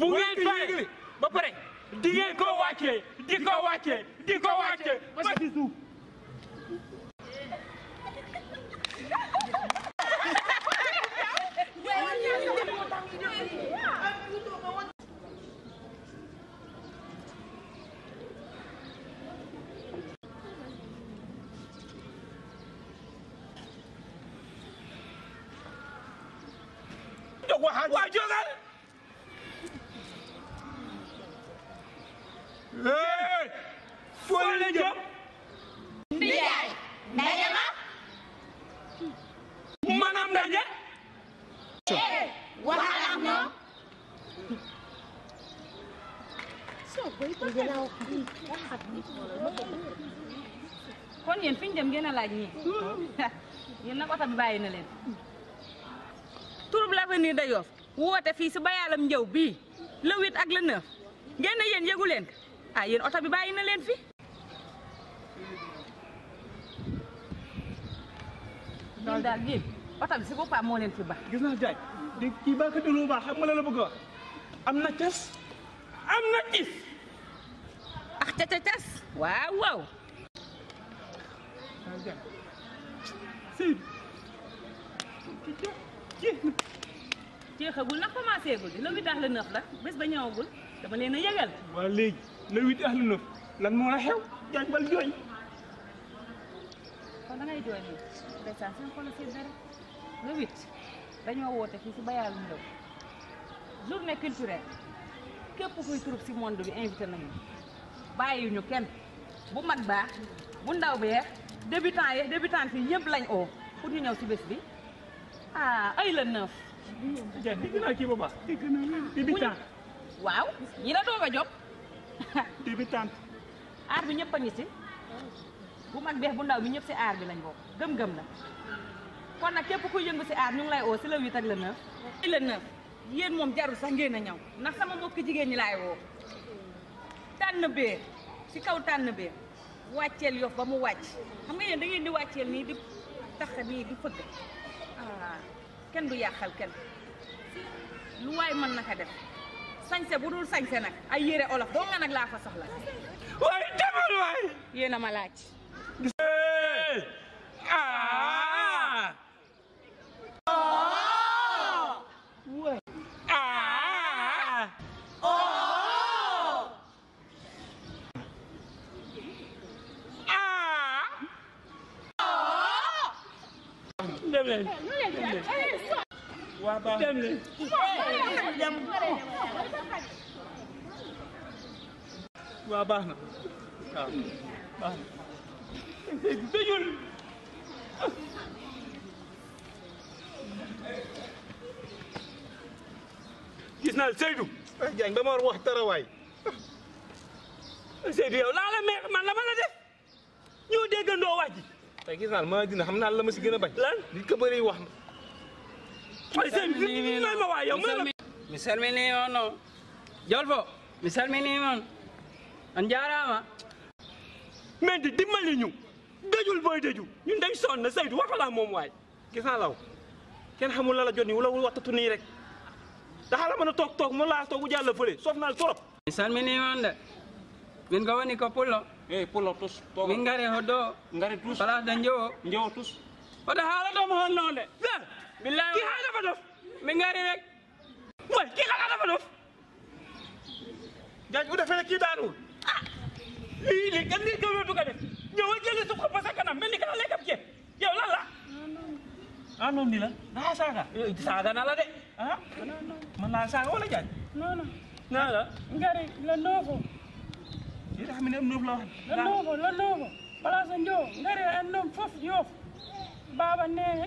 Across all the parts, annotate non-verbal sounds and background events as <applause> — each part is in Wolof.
bu ngeen fay qua Hàn Qua trước đấy Ê Đi dạy Đại nhân Mà năm đại nhất Ê Qua Hàn làm nữa con nhìn phim đêm kia là ừ. lành <laughs> nhỉ nhìn nó có thằng bày này lên avenue de Yoff woote si bayaalam njëw bii le huit ak le ah, bi bàyyi na leen fi. ñun si boppam moo leen fi xam nga la la am na cas am na is. waaw waaw. jeexagul nag commencé gul le huit ak le neuf la bés ba ñëwagul dama leen a yëgal. waaw léegi le huit ak le neuf lan moo la xew jaañ bal jooñ. kon da ngay jooy moom ndeysaan seen xol seen dara le dañoo woote fii si bayaalu ndaw journée culturelle képp kuy troupe si monde bi invité nañu bàyyiwuñu kenn bu mag baax bu ndaw bee débutant yi débutant fii yëpp lañ oo pour ñu ñëw si bés bi ah ay le neuf. ja dégg naa kii bu baax. waaw ñi la doog a jóg. débutante. aar bi ñëpp a ngi si. bu mag beex bu ndaw bi ñëpp si aar bi lañ bokk gëm-gëm la. kon nag képp kuy yëngu si aar ñu ngi lay oo si le huit ak le neuf. ci yéen moom jarul sax ngeen ñaw ndax sama mbokki jigéen ñi laay woo. tànn bee si kaw tànn bee wàcceel yof ba mu wàcc xam nga yéen da ngeen di wàcceel nii di tax nii di fëgg ah. kenn du yàqal kenn lu waay na naka def sañse bu dul sañse nag ay yére olof doo nga nag laa fa soxla waaye demal waay yéen a baax dem baax na waaw baax na tëjul gis naa Seydou Diagne ba ma war wax tarawaay Seydou yow laa la meex man la ma la def ñoo déggandoo wax ji tey gis naa maa dina xam naa la ma si gën a bañ lan li wax na ma waay yow mi salminimon o jolfo mi salminimon on jaarama mais di dimbali ñu dëjul booy dëju ñun day sonn na Seydou waxalaa waay gis naa law kenn xamul la la jot nii wala wul waxtatu nii rek daxala mën a toog toog mu laa toogu jàll fële soof naal torop mi salminimon de min ko woni ko pullo eyi pullo tus min ngari hoddo ngari tus place de njowo njowo tus oto haalatom honnode billaay kii xanaa dafa dof mi nga rek mooy kii xanaa dafa dof jaaj bu defee kii daanu ah lii lii kenn lii gëmloo du ko def ñëw a jëli su ko ba sa kanam mel ni la ah, la daa eh, la de ah man laa saaga wala jaaj la ngari la noogo yi tax mi ne noof la wax la noogo la noogo ngari en noom foof yoof baaba neene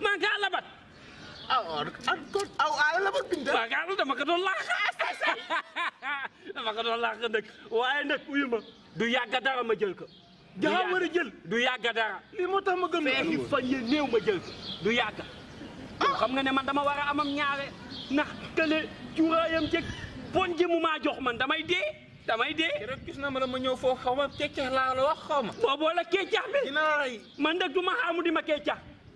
Mangga alamat. Ankon au alamat pindah. Mangga lu nama Makan lah. Nama kedon lah kedek. Waaye nag uyu ma du yàgg dara ma jël ko. daa war a jël du yàgg dara. lii moo tax ma gën a indi fan yee néew ma jël ko du amam ñaare ndax kële cuuraayam jëg damay gis na ma la wax la bi. dina man di ma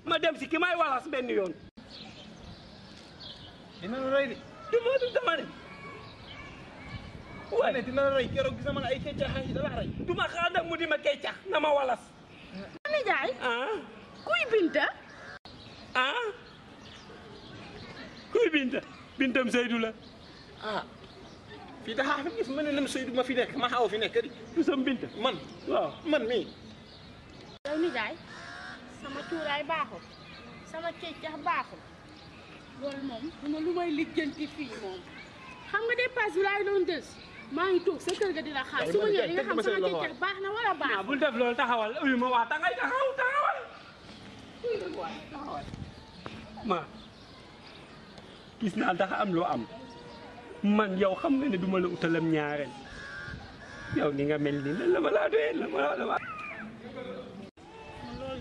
ma dem si ki may walas benn yoon. dina la rey de. du ma du dama ne. waaye dina la rey keroog gis na ay kecax yi dala rey. du ma xaar nag mu di ma kecax na ma walas. ma nijaay. ah. kuy Binta. ah. kuy Binta. Bintam Seydou la. ah. fii dafa am gis ma ne lam Seydou ma fi nekk ma xaw fi nekk di. du sam Binta man. waaw man mii. yow nijaay. sama cuuraay baaxul sama ceccax baaxul loolu moom duma lu may lijjanti fii moom xam nga dépasse bi laay doon des maa ngi toog sa kër ga di xaar su ma di nga xam sama ceccax baax na wala baax bul ma waa tangay taxaw taxawal taxawal gis naa dafa am loo am man yow xam nga ne duma la utalam ñaareel yow ni nga mel ni la ma laa doyee la ma la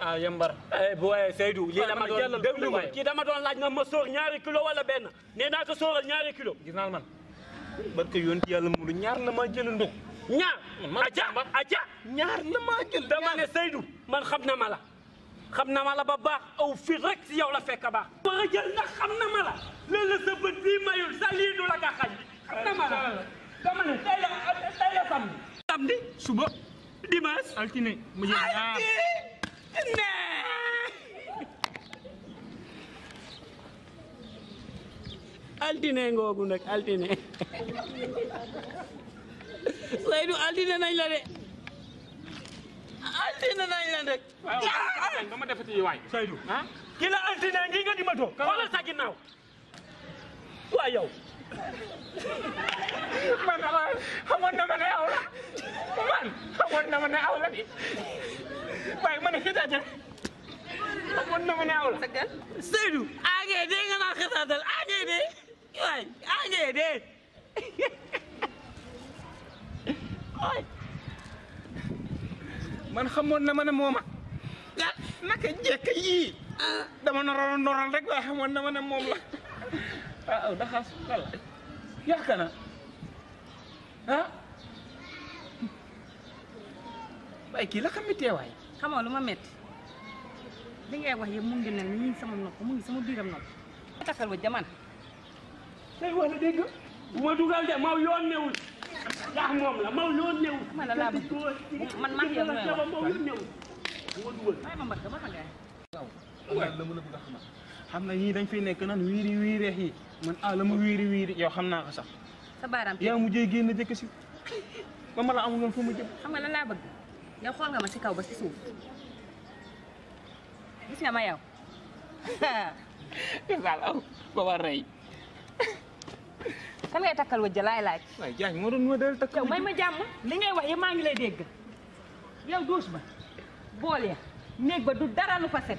ah yambar eh boy eh, seydou yi dama doon déglu ma ki dama doon laaj na ma soor ñaari kilo wala benn nee naa ko sooral ñaari kilo gis naa man barke yonti yàlla mu ñaar la maa jël ndox ñaar aja aja ñaar la maa jël dama ne seydou man xam na ma la xam na ma la ba baax aw fi rek si yow la fekk baax bara jël ndax xam na ma la léeg la sa mayul sa du la xaj dama ne la la samedi samedi suba dimanche altine mu jël altine ngoogu nag altine Seydou altine nañ la de altine nañ la de. waaw ba ma defati waay Seydou. ah ki la altine ngi nga di ma doo. sa ginnaaw waaw yow. man na ma ne aw la man xamoon na ma ne aw la di waaye na ma ne aw la. Seydou dee nga naan xitaatal ah ngay dee waay ah ngay dee waay man xamoon na ma ne mooma naka njëkk yii ah. dama noroon noroon rek waaye xamoon na ma ne moom la. a ah, oh, ndaxa sugal yakana a ah. waaye kii la xam mi teewaay lu ma metti li ngay wax yëpp mu ngi ne mu ngi sama nopp mu ngi sama biiram nopp ma takkal wëj jaman tey waaye ma mbar ma ngay waaw xam na ñii dañ fiy nekk nan wiiri wiireex yi man ah la mu wiiri wiiri yow xam naa ko sax. sa baaraam tey yaa mujjee génn jëkk si ma la amul woon fu mu jëm. xam nga lan laa bëgg yow xool nga ma si kaw ba si suuf gis nga ma yow. daal <laughs> aw ba war rey. kan ngay takkal wajja laay laaj. waaye Diagne moo doon modèle takkal. yow may ma jàmm li ngay wax yëpp maa ngi lay dégg yow douche ba bool ya néeg ba du dara lu fa set.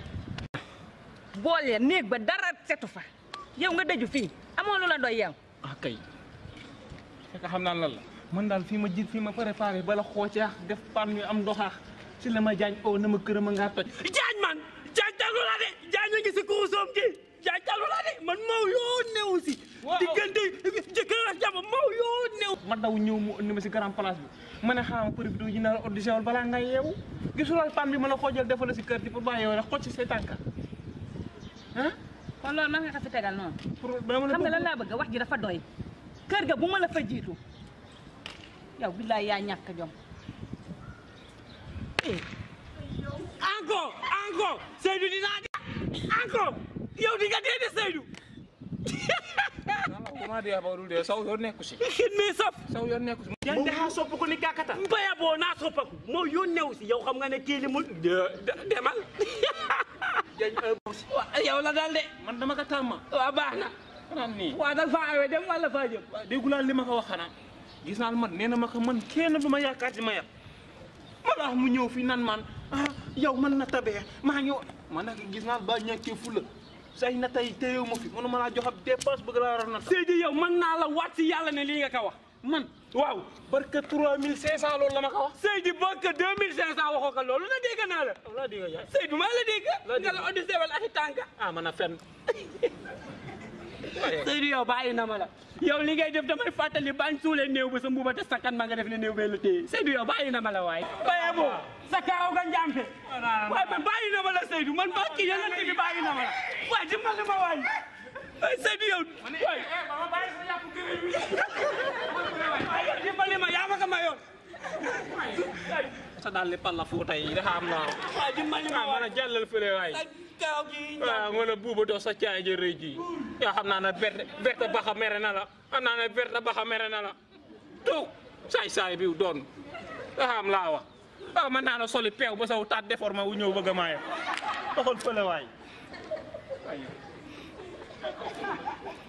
bolé ya ba dara setu fa yow nga deju fi amo lu la doy yow akay kay xamna lan la man dal fi ma jitt fi ma préparer bala xoci xoocaax def pan yu am doxa ci lama ma o oh, na ma këram nga toj jaañ man jaañ dalu la de jaañ nga ci si ki gi dalu la de man moo yoo néew si diggante jëkkër ak jamm mo yo néew ma daw ñew mu andi ma ci grand place bi mané xam xaama për vidéo ji na audition bala nga yeewu gisulal pan bi ma la xoojal defal ci kër di pour bàyyi yow rek xocc say kon loolu man nga ko fi tegal noonu. xam nga lan laa bëgg wax ji dafa doy. kër ga bu ma la fa jiitu yow billaay yaa ñàkk jom. encore eh. encore Seydou dinaa ya di encore yow di nga dee de Seydou. comment dire ba dul dee saw yoon nekku si. mais saf. saw yoon nekku si. yan daxaa soppaku ni kàkkata. mbaya boo naa soppaku moo yoon newu si yow ya, xam nga ne kii li mu. demal. jañ waaw yow la daal de. man dama ko tàmm. waaw baax na. xanaan nii waaw dal faa awee dem wala li ma ko wax xanaa gis naa man nee na ma ko man kenn du ma yaakaar ci ma yàq ma la mu ñëw fii nan man ah yow man na tabee maa ngi man nag gis naa ba ñàkkee fula say na tey téyew ma fi mënu ma laa jox ab dépense bëgg laa war a na. Seydi yow mën naa la waat si ne lii nga ko man. waaw barka 3500 loolu la ma ko wax. Seydou barka 2500 waxoo ko loolu la dégg naa la. wala dégg nga Seydou maa la dégg. la dégg nga la Odissé wala ak tànka. ah man a fenn. <laughs> Seydou yow bàyyi na ma la. yow li ngay def damay fàttali bañ suulee néew ba sa mbuuba te sakkan ma nga def ne néew bee la téye Seydou yow bàyyi na ma la waaye. Ah, bayee boo sa karaw nga njàmpe. Ah, waaye man bàyyi na ma la Seydou man bàkki ah, yàlla bi bàyyi na ma la. waaye dimbali ma waay. ay Seydou yow waay dimbali ma yaa ma ko mayoon sa daal palla fuuta yi dafa am naa waay dimbali ma ah, mën fële waay waaw ah, mën a buuba dox sa caay ji xam naa ne verte verte mere na la xam naa ne verte baxa mere na la saay-saay biw doon dafa am laa wax waaw ah, mën naa la soli peew ba saw taat déformé wu ñëw bëgg a maayo fële waay Thank you.